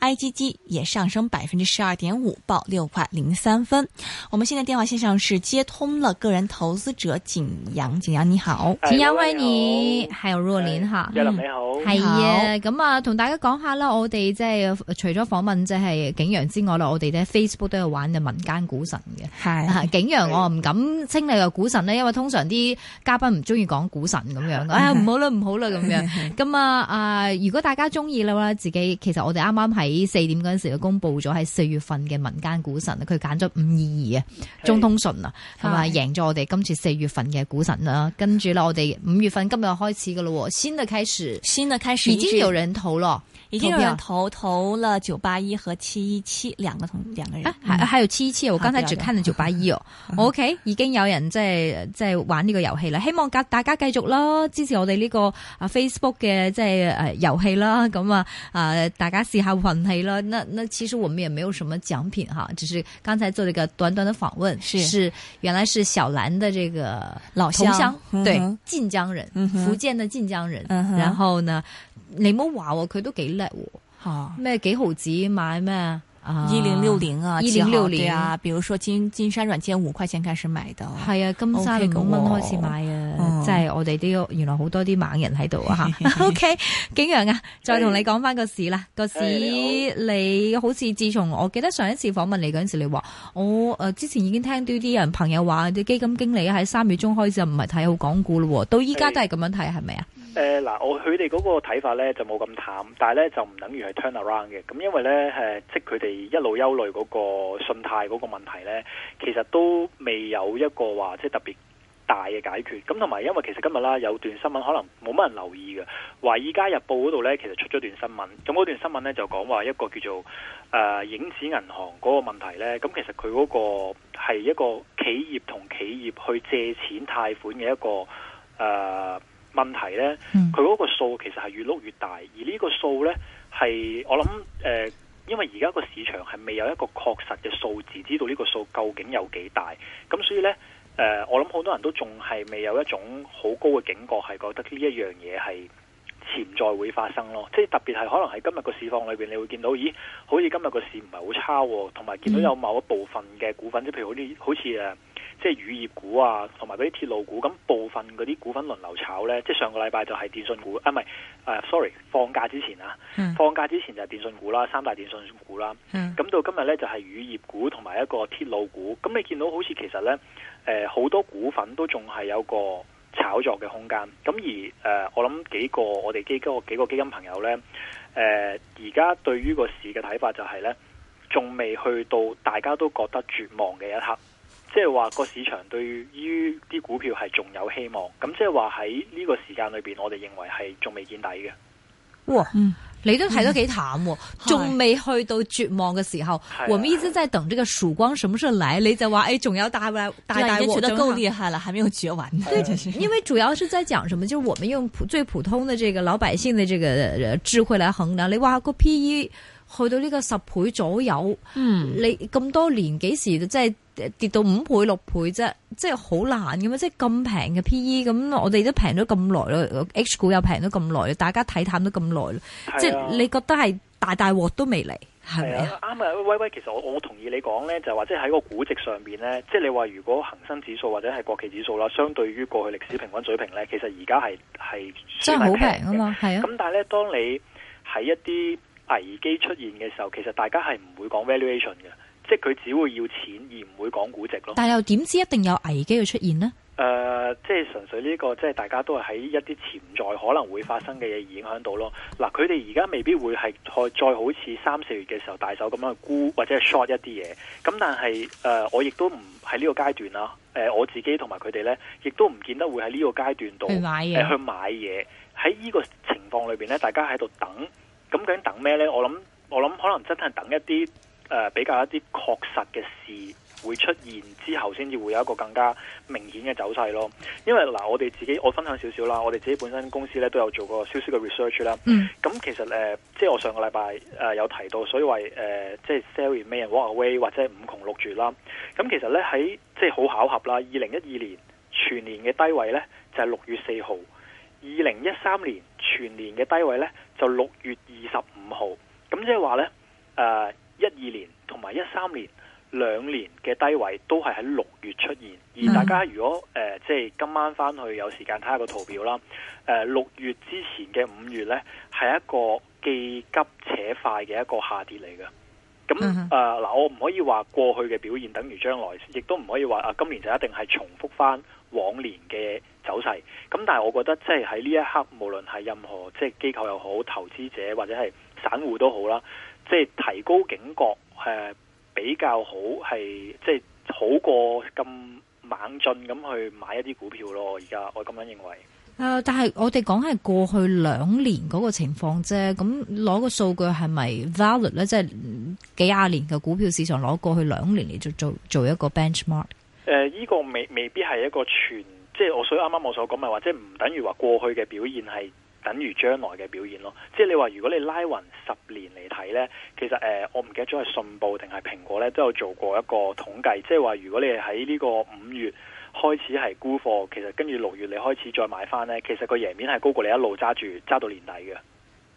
I.G.G 也上升百分之十二點五，報六塊零三分。我們現在電話線上是接通了個人投資者景陽，景陽你好，景陽威你，係有若琳吓，若琳你好，係啊，咁啊，同大家講下啦，我哋即係除咗訪問即係景陽之外啦，我哋咧 Facebook 都有玩嘅民間股神嘅，係景陽我唔敢稱你個股神咧，因為通常啲嘉賓唔中意講股神咁、 啊、樣，哎呀唔好啦唔好啦咁樣，咁 啊啊、呃、如果大家中意啦，自己其實我哋啱啱係。喺四點嗰陣時，就公布咗喺四月份嘅民間股神，佢揀咗五二二啊、中通順啊，係咪贏咗我哋今次四月份嘅股神啦？跟住啦，我哋五月份今日開始噶咯，新嘅開始，新嘅開始，已經有人投咯。已經有人投投、啊、投了九八一和七一七兩個同兩個人，還、啊嗯、還有七一七，我剛才只看了九八一哦。OK，已經有人在在玩呢個遊戲了。希望大大家繼續咯，支持我哋呢個啊 Facebook 嘅即係誒遊戲啦。咁啊啊，大家試下運氣咯。那那其實我們也沒有什麼獎品哈，只是剛才做了一個短短的訪問。是，是原來是小蘭的這個老鄉，鄉對，晉、嗯、哼江人，嗯、哼福建的晉江人。嗯、哼然後呢？你冇話佢都幾叻喎，咩、啊、幾毫子買咩？二零六零啊，二零六零啊，比如說金金山軟件五塊錢開始買到，係啊，金山五蚊開始買啊，即係、啊、我哋啲原來好多啲猛人喺度啊吓。 o、okay, K，景羊啊，再同你講翻個市啦，是個市市你好似自從我記得上一次訪問你嗰陣時，你話我誒之前已經聽啲啲人朋友話啲基金經理喺三月中開始唔係睇好港股咯，到依家都係咁樣睇係咪啊？是誒嗱，我佢哋嗰個睇法咧就冇咁淡，但係咧就唔等於係 turn around 嘅。咁因為咧、呃、即係佢哋一路憂慮嗰個信貸嗰個問題咧，其實都未有一個話即係特別大嘅解決。咁同埋因為其實今日啦，有段新聞可能冇乜人留意嘅，《華爾街日報》呢嗰度咧其實出咗段新聞。咁嗰段新聞咧就講話一個叫做誒、呃、影子銀行嗰個問題咧。咁、嗯、其實佢嗰個係一個企業同企業去借錢貸款嘅一個誒。呃問題呢，佢嗰、嗯、個數其實係越碌越大，而呢個數呢，係我諗誒、呃，因為而家個市場係未有一個確實嘅數字，知道呢個數究竟有幾大。咁所以呢，呃、我諗好多人都仲係未有一種好高嘅警覺，係覺得呢一樣嘢係潛在會發生咯。即係特別係可能喺今日個市況裏邊，你會見到，咦，好似今日個市唔係好差喎、哦，同埋見到有某一部分嘅股份，即譬如好似即係乳業股啊，同埋啲鐵路股，咁部分嗰啲股份輪流炒咧。即係上個禮拜就係電信股，啊唔係、uh，s o r r y 放假之前啊，嗯、放假之前就係電信股啦，三大電信股啦。咁、嗯、到今日咧就係、是、乳業股同埋一個鐵路股。咁你見到好似其實咧，誒、呃、好多股份都仲係有個炒作嘅空間。咁而誒、呃，我諗幾個我哋基金幾個基金朋友咧，誒而家對於個市嘅睇法就係咧，仲未去到大家都覺得絕望嘅一刻。即係話個市場對於啲股票係仲有希望，咁即係話喺呢個時間裏邊，我哋認為係仲未見底嘅。哇，嗯，你都睇得幾淡，仲未去到絕望嘅時候。係，我們一直在等呢個曙光什麼時候嚟。你就話誒，仲有大大大覺得夠厲害啦，還沒有跌完。對，因為主要是在講什麼，就是我們用最普通的這個老百姓的這個智慧來衡量。你話個 PE 去到呢個十倍左右，嗯，你咁多年幾時即係？跌到五倍六倍啫，即係好難嘅嘛，即係咁平嘅 P E，咁我哋都平咗咁耐咯，H 股又平咗咁耐，大家睇淡咗咁耐咯，即係你覺得係大大鑊都未嚟，係咪啊？啱啊吧，威威，其實我我同意你講咧，就話即係喺個估值上邊咧，即係你話如果恒生指數或者係國企指數啦，相對於過去歷史平均水平咧，其實而家係係相對好平嘛。係啊。咁但係咧，當你喺一啲危機出現嘅時候，其實大家係唔會講 valuation 嘅。即係佢只會要錢而唔會講估值咯。但又點知一定有危機嘅出現呢？誒、呃，即係純粹呢、這個，即係大家都係喺一啲潛在可能會發生嘅嘢影響到咯。嗱，佢哋而家未必會係再、再好似三四月嘅時候大手咁樣去沽或者 short 一啲嘢。咁但係誒、呃，我亦都唔喺呢個階段啦。誒、呃，我自己同埋佢哋咧，亦都唔見得會喺呢個階段度買嘢去買嘢。呃、喺呢個情況裏邊咧，大家喺度等。咁究竟等咩咧？我諗我諗，可能真係等一啲。誒、呃、比較一啲確實嘅事會出現之後，先至會有一個更加明顯嘅走勢咯。因為嗱、呃，我哋自己我分享少少啦，我哋自己本身公司咧都有做過少少嘅 research 啦。咁、嗯嗯、其實誒、呃，即係我上個禮拜誒有提到，所以話誒、呃，即係 sell in May and walk away 或者係五窮六絕啦。咁、嗯、其實咧喺即係好巧合啦，二零一二年全年嘅低位咧就係、是、六月四號，二零一三年全年嘅低位咧就六月二十五號。咁、嗯、即係話咧誒。呃一二年同埋一三年兩年嘅低位都係喺六月出現，而大家如果即係、mm hmm. 呃即係、今晚翻去有時間睇下個圖表啦，六、呃、月之前嘅五月呢，係一個既急，急且快嘅一個下跌嚟嘅，咁嗱、呃、我唔可以話過去嘅表現等於將來，亦都唔可以話啊今年就一定係重複翻，往年嘅走勢，咁但係我覺得即係喺呢一刻，無論係任何即係機構又好，投資者或者係散戶都好啦，即係提高警覺，誒比較好，係即係好過咁猛進咁去買一啲股票咯。而家我咁樣認為，誒、呃，但係我哋講係過去兩年嗰個情況啫。咁攞個數據係咪 valid 咧？即係幾廿年嘅股票市場攞過去兩年嚟做做做一個 benchmark。誒，依、呃這個未未必係一個全，即係我剛剛所以啱啱我所講咪話，即係唔等於話過去嘅表現係等於將來嘅表現咯。即係你話如果你拉匀十年嚟睇咧，其實誒、呃，我唔記得咗係信報定係蘋果咧，都有做過一個統計，即係話如果你係喺呢個五月開始係沽貨，其實跟住六月你開始再買翻咧，其實個贏面係高過你一路揸住揸到年底嘅。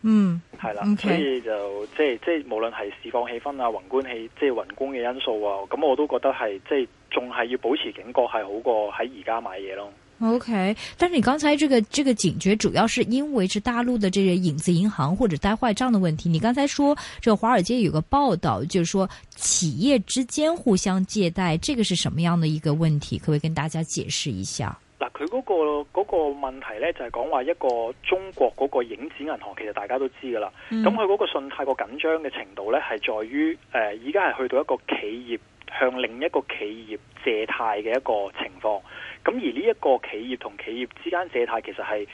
嗯，係啦，okay. 所以就即係即係無論係市況氣氛啊、宏觀氣，即係宏觀嘅因素啊，咁我都覺得係即係。仲係要保持警覺，係好過喺而家買嘢咯。OK，但係你剛才這個這個警覺，主要是因為是大陸的這個影子銀行或者呆壞賬的問題。你剛才說，這個、華爾街有個報道，就是說企業之間互相借貸，這個是什麼樣的一個問題？可唔可以跟大家解釋一下？嗱、那個，佢個嗰個問題呢就係講話一個中國嗰個影子銀行，其實大家都知噶啦。咁佢嗰個信貸個緊張嘅程度呢係在於誒，而家係去到一個企業向另一個企業借貸嘅一個情況，咁而呢一個企業同企業之間借貸其實係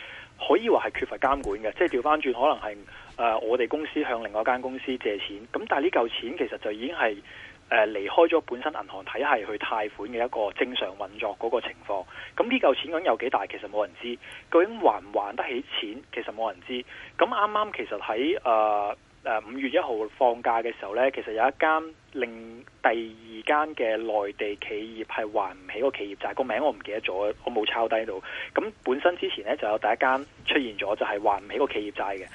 可以話係缺乏監管嘅，即係掉返轉可能係、呃、我哋公司向另外一間公司借錢，咁但係呢嚿錢其實就已經係誒、呃、離開咗本身銀行體系去貸款嘅一個正常運作嗰個情況，咁呢嚿錢究竟有幾大其實冇人知，究竟還唔還得起錢其實冇人知，咁啱啱其實喺誒、呃五月一號放假嘅時候呢，其實有一間另第二間嘅內地企業係還唔起個企業債，個名我唔記得咗，我冇抄低到。咁本身之前呢，就有第一間出現咗，就係還唔起個企業債嘅，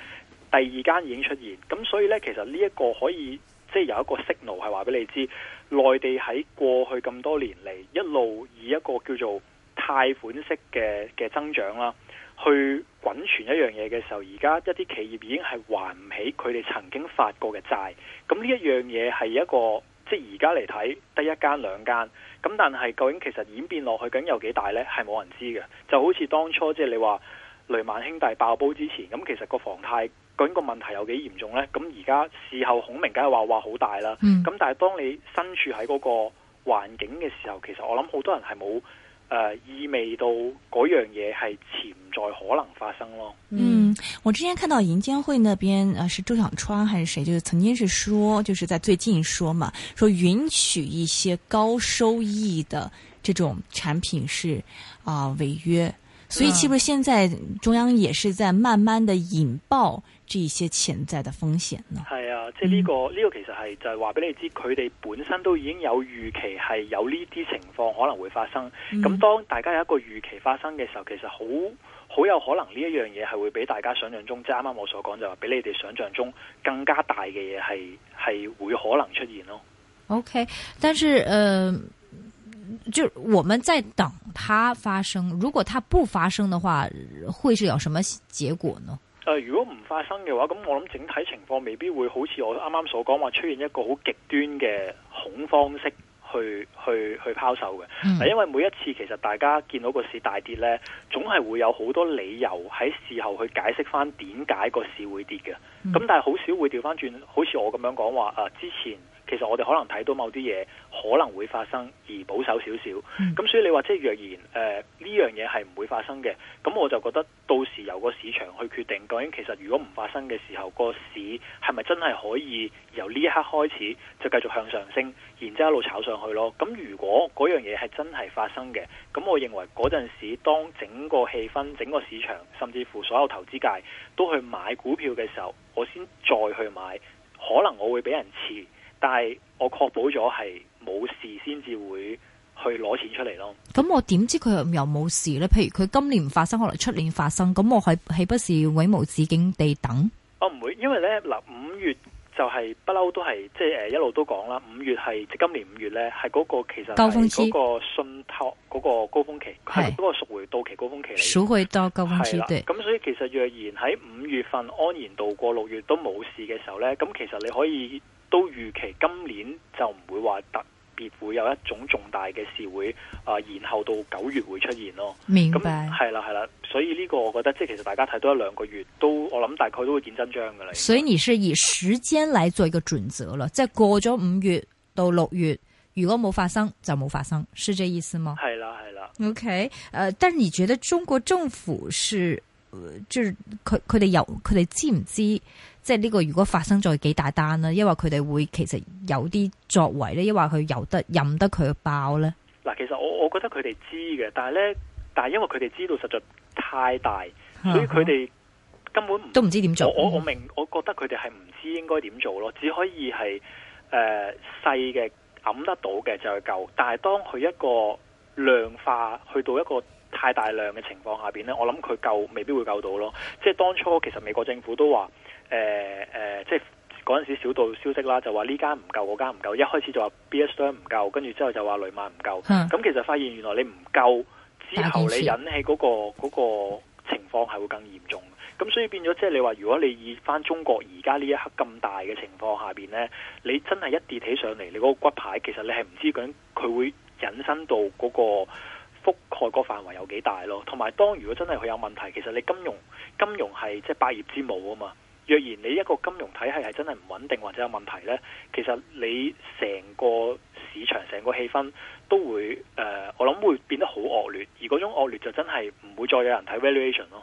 第二間已經出現。咁所以呢，其實呢一個可以即係、就是、有一個 signal 係話俾你知，內地喺過去咁多年嚟一路以一個叫做貸款式嘅嘅增長啦。去滾存一樣嘢嘅時候，而家一啲企業已經係還唔起佢哋曾經發過嘅債，咁呢一樣嘢係一個，即係而家嚟睇得一間兩間咁但係究竟其實演變落去究竟有幾大咧？係冇人知嘅。就好似當初即係你話雷曼兄弟爆煲之前，咁其實個房貸究竟個問題有幾嚴重咧？咁而家事後孔明梗係話話好大啦，咁、嗯、但係當你身處喺嗰個環境嘅時候，其實我諗好多人係冇誒意味到嗰樣嘢係潛。可能發生咯。嗯，我之前看到銀監會那邊啊，是周小川還是誰，就是曾經是說，就是在最近說嘛，說允許一些高收益的這種產品是啊呃、違約，所以是不是現在中央也是在慢慢的引爆這些潛在的風險呢？係啊、嗯，即係呢個呢、呢個其實係就係話俾你知，佢哋本身都已經有預期係有呢啲情況可能會發生。咁、嗯、當大家有一個預期發生嘅時候，其實好。好有可能呢一樣嘢係會比大家想象中，即係啱啱我所講就話，比你哋想象中更加大嘅嘢係係會可能出現咯。OK，但是，誒、呃、就我們在等它發生。如果它不發生的話，會是有什麼結果呢？誒、呃，如果唔發生嘅話，咁我諗整體情況未必會好似我啱啱所講話出現一個好極端嘅恐慌式。去去去拋售嘅，mm. 因為每一次其實大家見到個市大跌咧，總係會有好多理由喺事後去解釋翻點解個市會跌嘅。咁、mm. 但係好少會調翻轉，好似我咁樣講話啊，之前。其實我哋可能睇到某啲嘢可能會發生，而保守少少。咁所以你話即係若然、呃、呢樣嘢係唔會發生嘅，咁我就覺得到時由個市場去決定。究竟其實如果唔發生嘅時候，個市係咪真係可以由呢一刻開始就繼續向上升，然之後一路炒上去咯？咁如果嗰樣嘢係真係發生嘅，咁我認為嗰陣時，當整個氣氛、整個市場，甚至乎所有投資界都去買股票嘅時候，我先再去買，可能我會俾人蝕。但係我確保咗係冇事先至會去攞錢出嚟咯。咁我點知佢又冇事呢？譬如佢今年發生，可能出年發生，咁我係豈不是永無止境地等？我唔會，因為呢，嗱、就是，五月就係不嬲都係即係一路都講啦。五月係即今年五月呢，係嗰個其實高峯期嗰個信託嗰、嗰個高峰期，嗰是個贖回到期高峰期嚟。贖回到高峰期的對。咁所以其實若然喺五月份安然度過六月都冇事嘅時候呢，咁其實你可以。都預期今年就唔會話特別會有一種重大嘅事會啊，延、呃、後到九月會出現咯。明白。係啦、嗯，係啦，所以呢個我覺得即係其實大家睇多一兩個月都，我諗大概都會見真章嘅啦。所以你是以時間來做一個準則啦，即係、嗯、過咗五月到六月，如果冇發生就冇發生，是這意思嗎？係啦，係啦。OK，誒、呃，但係你覺得中國政府是即係佢佢哋有，佢、呃、哋、就是、知唔知？即係呢個如果發生咗幾大單啦，因為佢哋會其實有啲作為咧，因為佢有得任得佢爆咧。嗱，其實我我覺得佢哋知嘅，但係咧，但係因為佢哋知道實在太大，所以佢哋根本唔、嗯、都唔知點做我。我我明，我覺得佢哋係唔知應該點做咯，只可以係誒細嘅揞得到嘅就係夠。但係當佢一個量化去到一個。太大量嘅情況下邊呢，我諗佢救未必會救到咯。即係當初其實美國政府都話，誒、呃、誒、呃，即係嗰陣時小道消息啦，就話呢間唔救，嗰間唔救。一開始就話 Bear Stearns 唔救，跟住之後就話雷曼唔救。咁、嗯、其實發現原來你唔救之後，你引起嗰、那個那個情況係會更嚴重。咁所以變咗，即係你話，如果你以返中國而家呢一刻咁大嘅情況下邊呢，你真係一跌起上嚟，你嗰個骨牌其實你係唔知究竟，佢會引申到嗰、那個。覆蓋個範圍有幾大咯？同埋，當如果真係佢有問題，其實你金融金融係即係百業之母啊嘛。若然你一個金融體系係真係唔穩定或者有問題呢，其實你成個市場、成個氣氛都會、呃、我諗會變得好惡劣。而嗰種惡劣就真係唔會再有人睇 valuation 咯。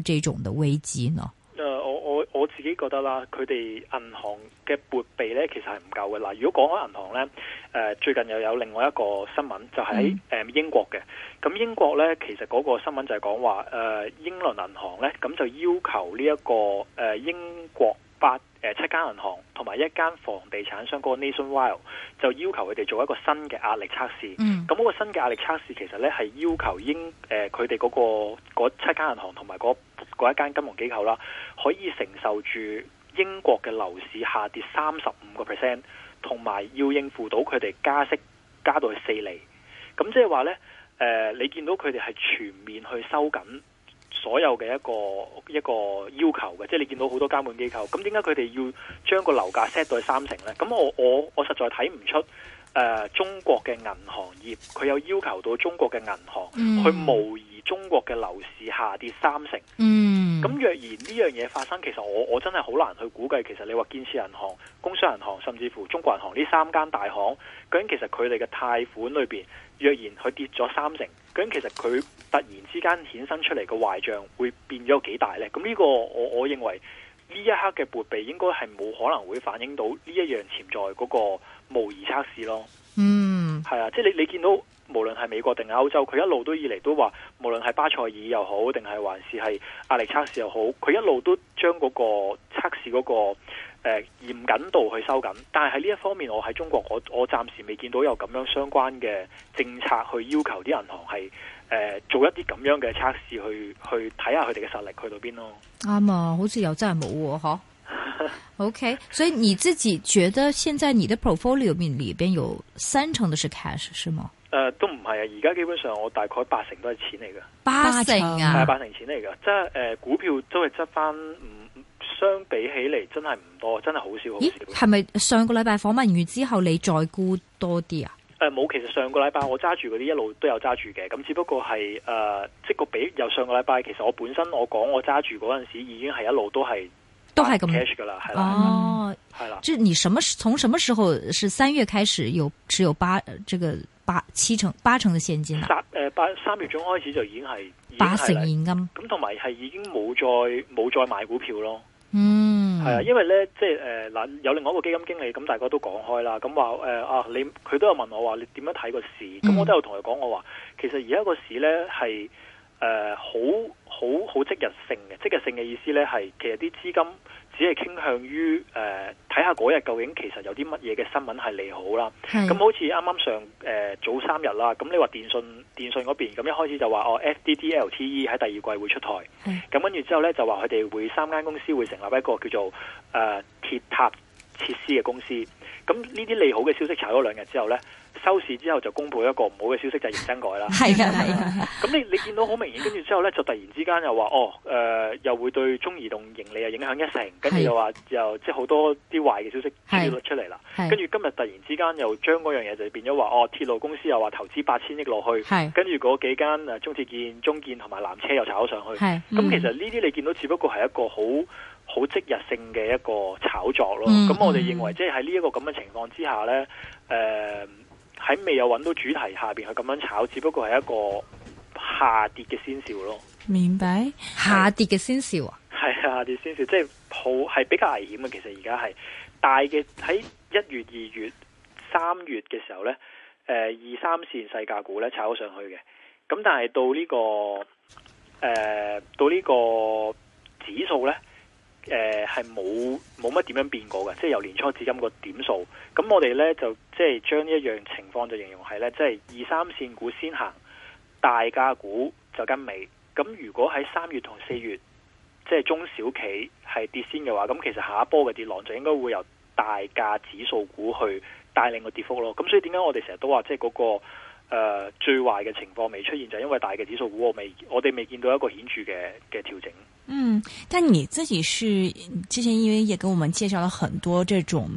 這種的危機呢？誒，我我我自己覺得啦，佢哋銀行嘅撥備呢，其實係唔夠嘅。嗱，如果講開銀行呢，誒、呃，最近又有另外一個新聞，就喺、是、誒、嗯嗯、英國嘅。咁英國呢，其實嗰個新聞就係講話，誒、呃，英倫銀行呢，咁就要求呢、這、一個誒、呃、英國。八誒，七間銀行同埋一間房地產商嗰個 Nationwide 就要求佢哋做一個新嘅壓力測試。咁嗰、嗯、個新嘅壓力測試其實咧係要求英誒，佢哋嗰個七間銀行同埋嗰一間金融機構啦，可以承受住英國嘅樓市下跌三十五個 percent，同埋要應付到佢哋加息加到去四厘。咁即係話咧誒，你見到佢哋係全面去收緊。所有嘅一個一個要求嘅，即係你見到好多監管機構，咁點解佢哋要將個樓價 set 到三成咧？咁我我我實在睇唔出誒、呃、中國嘅銀行業佢有要求到中國嘅銀行去模擬中國嘅樓市下跌三成。咁、嗯、若然呢樣嘢發生，其實我我真係好難去估計，其實你話建設銀行、工商銀行甚至乎中國銀行呢三間大行，究竟其實佢哋嘅貸款裏邊若然佢跌咗三成。咁其實佢突然之間衍生出嚟嘅壞賬，會變咗幾大呢？咁呢個我我認為呢一刻嘅撥備應該係冇可能會反映到呢一樣潛在嗰個模擬測試咯。嗯，係啊，即係你你見到無論係美國定係歐洲，佢一路都以嚟都話，無論係巴塞爾又好，定係還是係壓力測試又好，佢一路都將嗰個測試嗰、那個。誒、呃，嚴謹度去收緊，但係呢一方面，我喺中國，我我暫時未見到有咁樣相關嘅政策去要求啲銀行係、呃，做一啲咁樣嘅測試去去睇下佢哋嘅實力去到邊咯。啱啊，好似又真係冇喎，嚇。 OK，所以你自己覺得現在你的 portfolio 面裏邊有三成都是 cash 是嗎？誒、呃，都唔係啊，而家基本上我大概八成都係錢嚟㗎，八成啊，係八成錢嚟㗎，即係、呃、股票都係執翻。嗯相比起嚟，真係唔多，真係好少好少。咦，係咪上個禮拜訪問完之後，你再沽多啲啊？誒，冇。其實上個禮拜我揸住嗰啲一路都有揸住嘅，咁只不過係誒、呃，即個比由上個禮拜其實我本身我講我揸住嗰陣時已經係一路都係都係咁 cash 㗎啦。哦，係啦，就你什麼從什麼時候是三月開始有持有八這個八七成八成的現金啊？八誒八三月中開始就已經係八成現金咁，同埋係已經冇再冇再買股票咯。嗯，係、mm hmm. 啊，因為咧，即係誒，嗱、呃，有另外一個基金經理，咁大家都講開啦，咁話誒啊，你佢都有問我話，你點、mm hmm. 樣睇個市？咁我都有同佢講，我話其實而家個市咧係誒好好好即日性嘅，即日性嘅意思咧係，其實啲資、呃、金。只係傾向於誒睇下嗰日究竟其實有啲乜嘢嘅新聞係利好啦。咁是好似啱啱上、呃、早三日啦，咁你話電信電信嗰邊咁一開始就話哦，FDDLTE 喺第二季會出台。咁是跟住之後咧，就話佢哋會三間公司會成立一個叫做誒、鐵塔設施嘅公司。咁呢啲利好嘅消息查咗兩日之後咧。收市之後就公布一個唔好嘅消息，就係、是、認真改啦。係啊，咁你你見到好明顯，跟住之後咧，就突然之間又話哦，誒、呃，又會對中移動盈利啊影響一成，跟住又話又的即係好多啲壞嘅消息出嚟啦。跟住的今日突然之間又將嗰樣嘢就變咗話哦，鐵路公司又話投資八千億落去，跟住嗰幾間誒中鐵建、中建同埋南車又炒咗上去。咁的其實呢啲你見到，只不過係一個好好即日性嘅一個炒作咯。咁、嗯嗯、我哋認為，即係喺呢一個咁嘅情況之下咧，誒、呃。喺未有揾到主題下邊，去咁樣炒，只不過係一個下跌嘅先兆咯。明白，下跌嘅先兆啊，係下跌先兆，即係好係比較危險嘅。其實而家係大嘅喺一月、二月、三月嘅時候、呃、2, 3呢，誒二三線細價股呢炒上去嘅，咁但係到呢、呢個誒、呃、到呢個指數呢。誒，係冇冇乜點樣變過嘅，即係由年初至今個點數。咁我哋呢，就即係將呢一樣情況就形容係呢，即係二三線股先行，大價股就跟尾。咁如果喺三月同四月，即係中小企係跌先嘅話，咁其實下一波嘅跌浪就應該會由大價指數股去帶領個跌幅咯。咁所以點解我哋成日都話，即係嗰、那個誒、呃、最壞嘅情況未出現，就係、因為大嘅指數股我未，我哋未，未見到一個顯著嘅嘅調整。嗯，但你自己是之前因為也給我們介紹了很多這種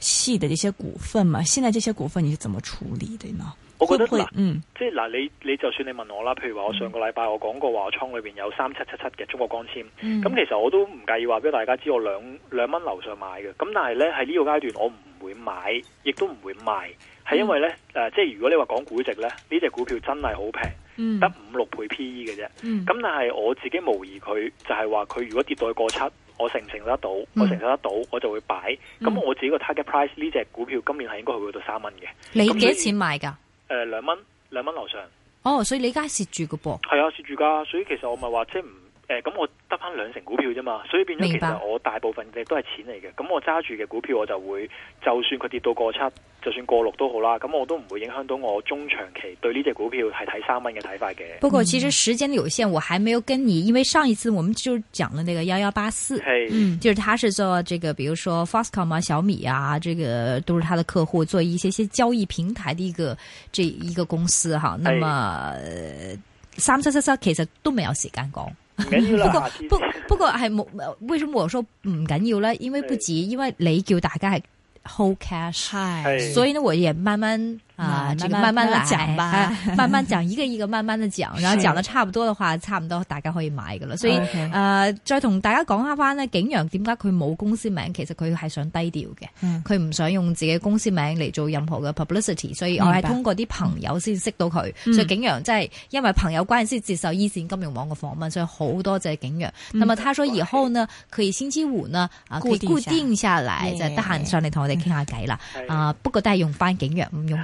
細的這些股份嘛？現在這些股份你是怎麼處理的呢？我覺得嗱，會會啦嗯，即係嗱，你你就算你問我啦，譬如話我上個禮拜我講過話，倉裏邊有三七七七嘅中國光纖，咁、嗯、其實我都唔介意話俾大家知，我兩兩蚊樓上買嘅，咁但係咧喺呢個階段我唔會買，亦都唔會賣，係、嗯、因為咧誒、呃，即係如果你話講估值咧，呢隻股票真係好平。得五六倍 P/E 嘅啫，咁、嗯、但係我自己模擬佢就係話佢如果跌到去過七，我承唔承受得到？嗯、我承受得到，我就會擺。咁、嗯、我自己個 target price 呢隻股票今年係應該去到三蚊嘅。你幾多錢買㗎？誒，兩蚊，兩蚊樓上。哦，所以你而家蝕住嘅噃？係啊，蝕住㗎。所以其實我咪話即係唔。誒，咁我得翻兩成股票啫嘛，所以變咗其實我大部分嘅都係錢嚟嘅，咁明白。我揸住嘅股票我就會，就算佢跌到過七，就算過六都好啦，咁我都唔會影響到我中長期對呢隻股票係睇三蚊嘅睇法嘅。不過其實時間有限，我還沒有跟你，因為上一次我們就講了那個1184，係，嗯，就是他是做這個，比如說 Foxconn 啊、小米啊，這個都是他的客戶，做一些些交易平台的一個這一個公司哈。是那麼、呃、三七七七其實都沒有時間講。不， 不過、啊、不不，不，不過係冇， 為什麼我說唔緊要呢？因為不急，對因為你叫大家係 hold cash，係對，所以呢，我也慢慢。啊，這個慢慢講吧，慢慢講，一個一個慢慢的講，然後講得差不多的話，差不多大家可以買噶啦。所以，誒，再同大家講下翻咧，景羊點解佢冇公司名？其實佢係想低調嘅，佢唔想用自己公司名嚟做任何嘅 publicity。所以我係通過啲朋友先識到佢，所以景羊真係因為朋友關係接受伊善金融網嘅訪問，所以好多謝景羊。咁么他所以後呢，佢星期五呢，佢固定下來就得閒上嚟同我哋傾下偈啦。啊，不過都係用翻景羊，唔用。